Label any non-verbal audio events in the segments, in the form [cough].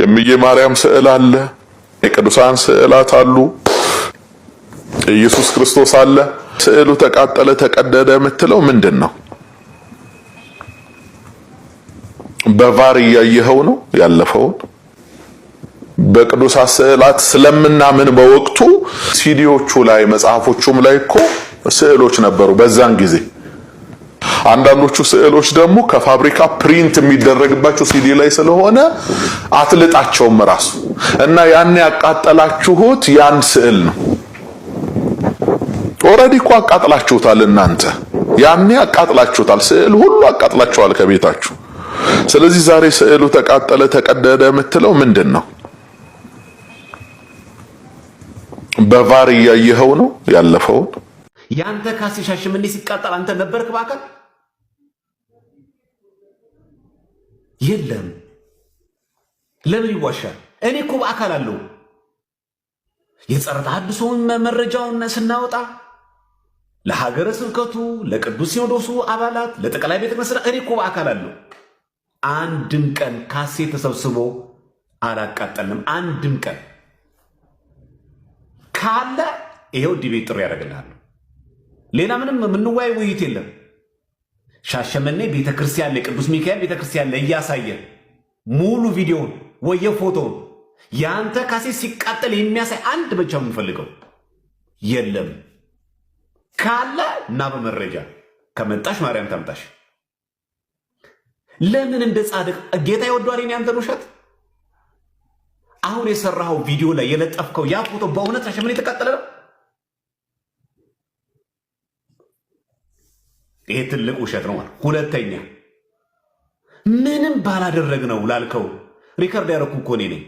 የእምዬ ማርያም ስዕል አለ፣ የቅዱሳን ስዕላት አሉ፣ ኢየሱስ ክርስቶስ አለ። ስዕሉ ተቃጠለ ተቀደደ የምትለው ምንድን ነው? በቫር እያየኸው ነው ያለፈውን። በቅዱሳት ስዕላት ስለምናምን በወቅቱ ሲዲዎቹ ላይ መጽሐፎቹም ላይ እኮ ስዕሎች ነበሩ በዛን ጊዜ አንዳንዶቹ ስዕሎች ደግሞ ከፋብሪካ ፕሪንት የሚደረግባቸው ሲዲ ላይ ስለሆነ አትልጣቸውም ራሱ እና ያን ያቃጠላችሁት ያን ስዕል ነው። ኦልሬዲ እኮ አቃጥላችሁታል እናንተ ያኔ አቃጥላችሁታል። ስዕል ሁሉ አቃጥላችኋል ከቤታችሁ። ስለዚህ ዛሬ ስዕሉ ተቃጠለ ተቀደደ የምትለው ምንድን ነው? በቫር እያየኸው ነው ያለፈውን። ያንተ ካሴ ሻሸመኔ ሲቃጠል አንተ ነበርክ በአካል የለም። ለምን ይዋሻል? እኔ እኮ በአካል አለው የጸረ ተሐድሶውን መረጃውን ስናወጣ ለሀገረ ስብከቱ ለቅዱስ ሲኖዶሱ አባላት ለጠቅላይ ቤተ ክህነት እኔ እኮ በአካል አለው። አንድም ቀን ካሴ ተሰብስቦ አላቃጠልንም። አንድም ቀን ካለ ይኸው ዲቤት ጥሩ ያደርግልሃል። ሌላ ምንም የምንወያይ ውይይት የለም። ሻሸመኔ ቤተክርስቲያን ላይ ቅዱስ ሚካኤል ቤተክርስቲያን ላይ እያሳየ ሙሉ ቪዲዮውን ወየ ፎቶውን የአንተ ካሴት ሲቃጠል የሚያሳይ አንድ ብቻ የምንፈልገው የለም። ካለ እና በመረጃ ከመጣሽ ማርያም ታምጣሽ። ለምን እንደ ጻድቅ ጌታ ይወዷል ያንተን ውሸት አሁን የሰራኸው ቪዲዮ ላይ የለጠፍከው ያ ፎቶ በእውነት ሻሸመኔ የተቃጠለ ነው። ይሄ ትልቅ ውሸት ነው። ሁለተኛ ምንም ባላደረግ ነው ላልከው ሪከርድ ያደረኩ እኮ እኔ ነኝ።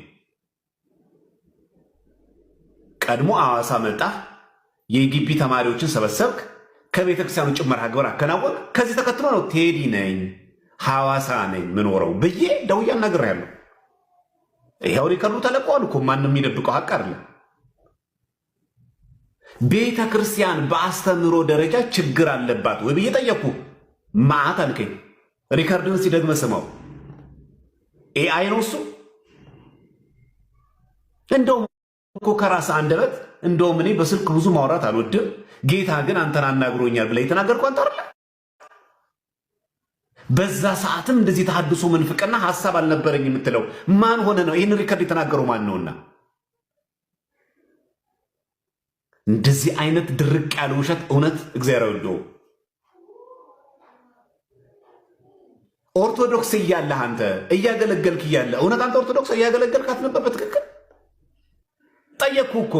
ቀድሞ አዋሳ መጣ፣ የግቢ ተማሪዎችን ሰበሰብክ፣ ከቤተክርስቲያኑ ጭመራ ግብር አከናወንክ ከዚህ ተከትሎ ነው ቴዲ ነኝ ሐዋሳ ነኝ ምኖረው ብዬ ደውያ ነገር ያለው ይኸው ሪከርዱ ተለቀዋል እኮ ማንም የሚደብቀው ሀቅ አይደለም። ቤተ ክርስቲያን በአስተምህሮ ደረጃ ችግር አለባት ወይ ብዬ ጠየቅኩ። ማአት አልከኝ። ሪከርድን ሲደግመ ስማው ኤአይ ነው እሱ። እንደውም እኮ ከራስ አንደበት እንደውም እኔ በስልክ ብዙ ማውራት አልወድም፣ ጌታ ግን አንተን አናግሮኛል ብለህ የተናገርኩ አንተ አይደለ? በዛ ሰዓትም እንደዚህ ተሐድሶ ምንፍቅና ሀሳብ አልነበረኝ የምትለው ማን ሆነ ነው? ይህን ሪከርድ የተናገረው ማን ነውና? እንደዚህ አይነት ድርቅ ያለ ውሸት እውነት እግዚአብሔር ወዶ ኦርቶዶክስ እያለህ አንተ እያገለገልክ እያለ እውነት አንተ ኦርቶዶክስ እያገለገልክ አትነበር? በትክክል ጠየቅኩ እኮ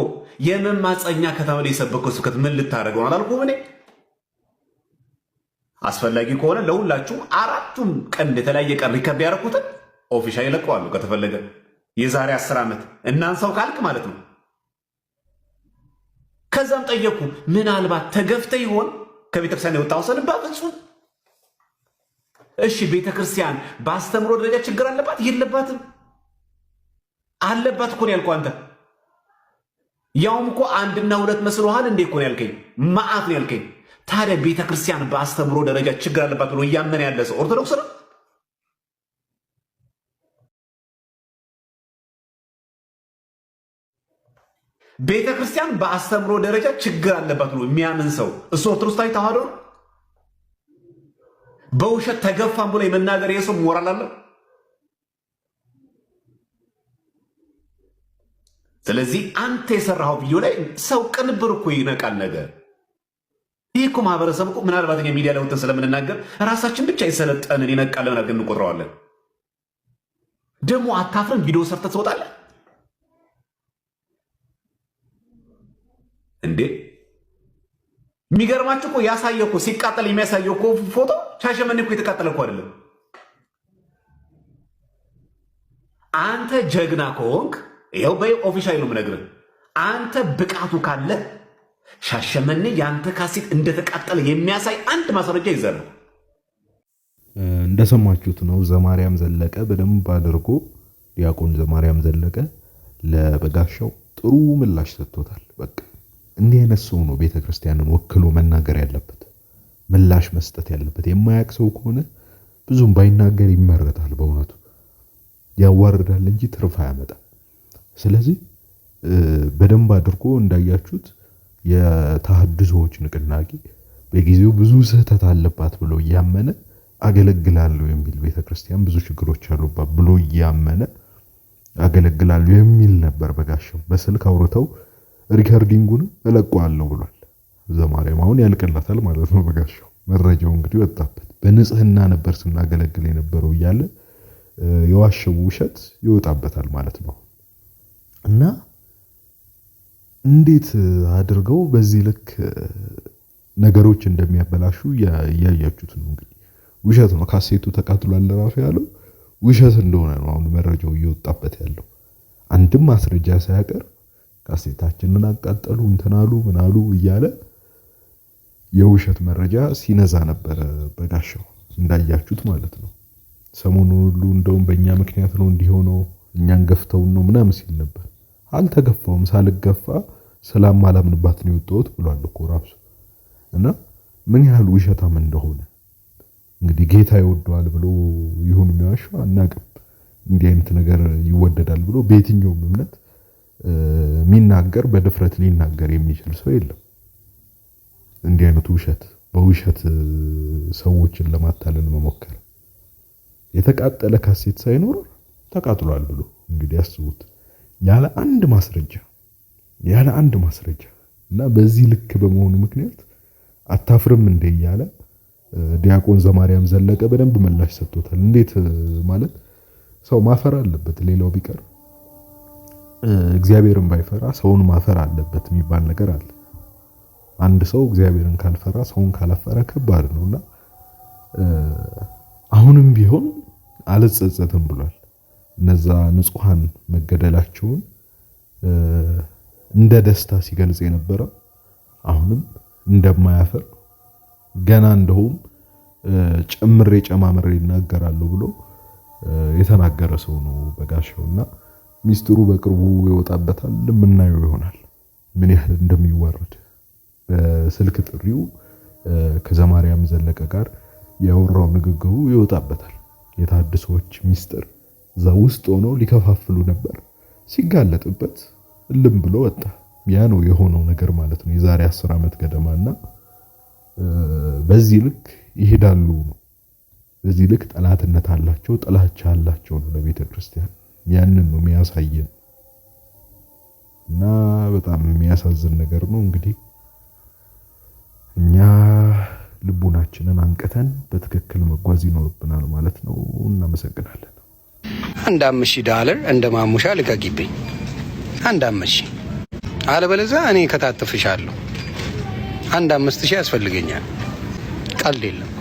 የመማፀኛ ከተማ ላይ የሰበከው ስብከት ምን ልታደርገው አላልኩም እኔ። አስፈላጊ ከሆነ ለሁላችሁም አራቱም ቀን የተለያየ ቀን ሪከርድ ያደረኩትን ኦፊሻ ይለቀዋሉ ከተፈለገ የዛሬ አስር ዓመት እናንሰው ካልክ ማለት ነው። ከዛም ጠየኩ፣ ምናልባት ተገፍተ ይሆን ከቤተክርስቲያን የወጣ ወሰንባ? ፍጹም እሺ። ቤተክርስቲያን በአስተምሮ ደረጃ ችግር አለባት የለባትም? አለባት እኮ ነው ያልኩህ አንተ። ያውም እኮ አንድና ሁለት መስሎሃል እንዴ? እኮ ነው ያልከኝ፣ መዓት ነው ያልከኝ። ታዲያ ቤተክርስቲያን በአስተምሮ ደረጃ ችግር አለባት ብሎ እያመነ ያለ ሰው ኦርቶዶክስ ነው። ቤተ ክርስቲያን በአስተምሮ ደረጃ ችግር አለባት ብሎ የሚያምን ሰው እሱ ኦርቶዶክሳዊ ተዋህዶ ነው። በውሸት ተገፋን ብሎ የመናገር የሰው ሞራል አለ። ስለዚህ አንተ የሰራኸው ቪዲዮ ላይ ሰው ቅንብር እኮ ይነቃል። ነገር ይህ እኮ ማህበረሰብ እኮ ምናልባት ሚዲያ ላይ ወጥተን ስለምንናገር ራሳችን ብቻ የሰለጠንን ይነቃለን፣ ብለን እንቆጥረዋለን። ደግሞ አታፍረን ቪዲዮ ሰርተህ ትወጣለህ። እንዴ የሚገርማችሁ እኮ ያሳየ እኮ ሲቃጠል የሚያሳየው እኮ ፎቶ ሻሸመኔ እኮ የተቃጠለ እኮ አይደለም። አንተ ጀግና ከሆንክ ይኸው በኦፊሻል ነው የምነግርህ። አንተ ብቃቱ ካለ ሻሸመኔ የአንተ ካሴት እንደተቃጠለ የሚያሳይ አንድ ማስረጃ ይዘህ እንደሰማችሁት ነው። ዘማርያም ዘለቀ በደንብ አድርጎ ዲያቆን ዘማርያም ዘለቀ ለበጋሻው ጥሩ ምላሽ ሰጥቶታል። በቃ እንዲህ አይነት ሰው ነው ቤተ ክርስቲያንን ወክሎ መናገር ያለበት፣ ምላሽ መስጠት ያለበት። የማያቅ ሰው ከሆነ ብዙም ባይናገር ይመረጣል። በእውነቱ ያዋርዳል እንጂ ትርፍ አያመጣም። ስለዚህ በደንብ አድርጎ እንዳያችሁት የተሐድሶዎች ንቅናቄ በጊዜው ብዙ ስህተት አለባት ብሎ እያመነ አገለግላለሁ የሚል ቤተክርስቲያን ብዙ ችግሮች አሉባት ብሎ እያመነ አገለግላለሁ የሚል ነበር። በጋሻው በስልክ አውርተው ሪከርዲንጉንም እለቀዋለሁ ብሏል። ዘማሪያም አሁን ያልቅላታል ማለት ነው። በጋሻው መረጃው እንግዲህ ወጣበት። በንጽህና ነበር ስናገለግል የነበረው እያለ የዋሸው ውሸት ይወጣበታል ማለት ነው። እና እንዴት አድርገው በዚህ ልክ ነገሮች እንደሚያበላሹ እያያችሁት ነው። እንግዲህ ውሸት ነው። ካሴቱ ተቃጥሏል ራሱ ያለው ውሸት እንደሆነ ነው አሁን መረጃው እየወጣበት ያለው አንድም ማስረጃ ሳያቀርብ ካሴታችንን አቃጠሉ እንትናሉ ምናሉ እያለ የውሸት መረጃ ሲነዛ ነበረ። በጋሻው እንዳያችሁት ማለት ነው። ሰሞኑን ሁሉ እንደውም በእኛ ምክንያት ነው እንዲሆነው እኛን ገፍተውን ነው ምናምን ሲል ነበር። አልተገፋውም። ሳልገፋ ሰላም አላምንባት ነው የወጣሁት ብሏል እኮ ራሱ እና ምን ያህል ውሸታም እንደሆነ እንግዲህ ጌታ ይወደዋል ብሎ ይሁን የሚዋሸው አናቅም። እንዲህ አይነት ነገር ይወደዳል ብሎ በየትኛውም እምነት የሚናገር በድፍረት ሊናገር የሚችል ሰው የለም። እንዲህ አይነት ውሸት በውሸት ሰዎችን ለማታለል መሞከር የተቃጠለ ካሴት ሳይኖር ተቃጥሏል ብሎ እንግዲህ ያስቡት። ያለ አንድ ማስረጃ ያለ አንድ ማስረጃ እና በዚህ ልክ በመሆኑ ምክንያት አታፍርም እንዴ እያለ ዲያቆን ዘማርያም ዘለቀ በደንብ ምላሽ ሰጥቶታል። እንዴት ማለት ሰው ማፈር አለበት ሌላው ቢቀርብ እግዚአብሔርን ባይፈራ ሰውን ማፈር አለበት የሚባል ነገር አለ። አንድ ሰው እግዚአብሔርን ካልፈራ ሰውን ካላፈረ ከባድ እና አሁንም ቢሆን አልጸጸትም ብሏል። እነዛ ንጹሐን መገደላቸውን እንደ ደስታ ሲገልጽ የነበረ አሁንም እንደማያፈር ገና እንደውም ጨምሬ ጨማምሬ ይናገራሉ ብሎ የተናገረ ሰው ነው እና። ሚስጥሩ በቅርቡ ይወጣበታል። የምናየው ይሆናል ምን ያህል እንደሚዋረድ። በስልክ ጥሪው ከዘማሪያም ዘለቀ ጋር ያወራው ንግግሩ ይወጣበታል። የታድሶች ሚስጥር እዛ ውስጥ ሆነው ሊከፋፍሉ ነበር። ሲጋለጥበት እልም ብሎ ወጣ። ያ ነው የሆነው ነገር ማለት ነው። የዛሬ አስር ዓመት ገደማና በዚህ ልክ ይሄዳሉ። በዚህ ልክ ጠላትነት አላቸው፣ ጥላቻ አላቸው ነው ለቤተ ክርስቲያን። ያንን ነው የሚያሳየን እና በጣም የሚያሳዝን ነገር ነው። እንግዲህ እኛ ልቡናችንን አንቅተን በትክክል መጓዝ ይኖርብናል ማለት ነው። እናመሰግናለን። አንድ አምስት ሺህ ዳለር እንደ ማሙሻ ልቀቂብኝ። አንድ ሺህ አለበለዛ እኔ አለሁ አንድ አምስት ሺህ ያስፈልገኛል። ቀልድ የለም።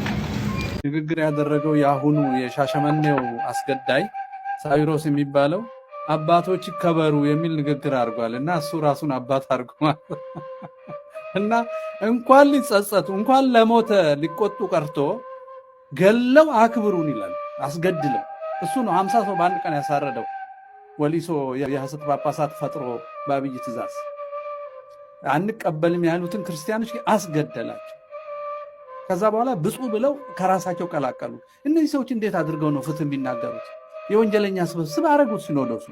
ንግግር ያደረገው የአሁኑ የሻሸመኔው አስገዳይ ሳዊሮስ የሚባለው አባቶች ከበሩ የሚል ንግግር አድርጓል እና እሱ ራሱን አባት አድርጓል [laughs] እና እንኳን ሊጸጸቱ እንኳን ለሞተ ሊቆጡ ቀርቶ ገለው አክብሩን ይላል። አስገድለው እሱ ነው ሀምሳ ሰው በአንድ ቀን ያሳረደው ወሊሶ የሐሰት ጳጳሳት ፈጥሮ በአብይ ትእዛዝ አንቀበልም ያሉትን ክርስቲያኖች አስገደላቸው። ከዛ በኋላ ብፁ ብለው ከራሳቸው ቀላቀሉ። እነዚህ ሰዎች እንዴት አድርገው ነው ፍትህ የሚናገሩት? የወንጀለኛ ስብስብ አረጉት ሲኖዶሱ።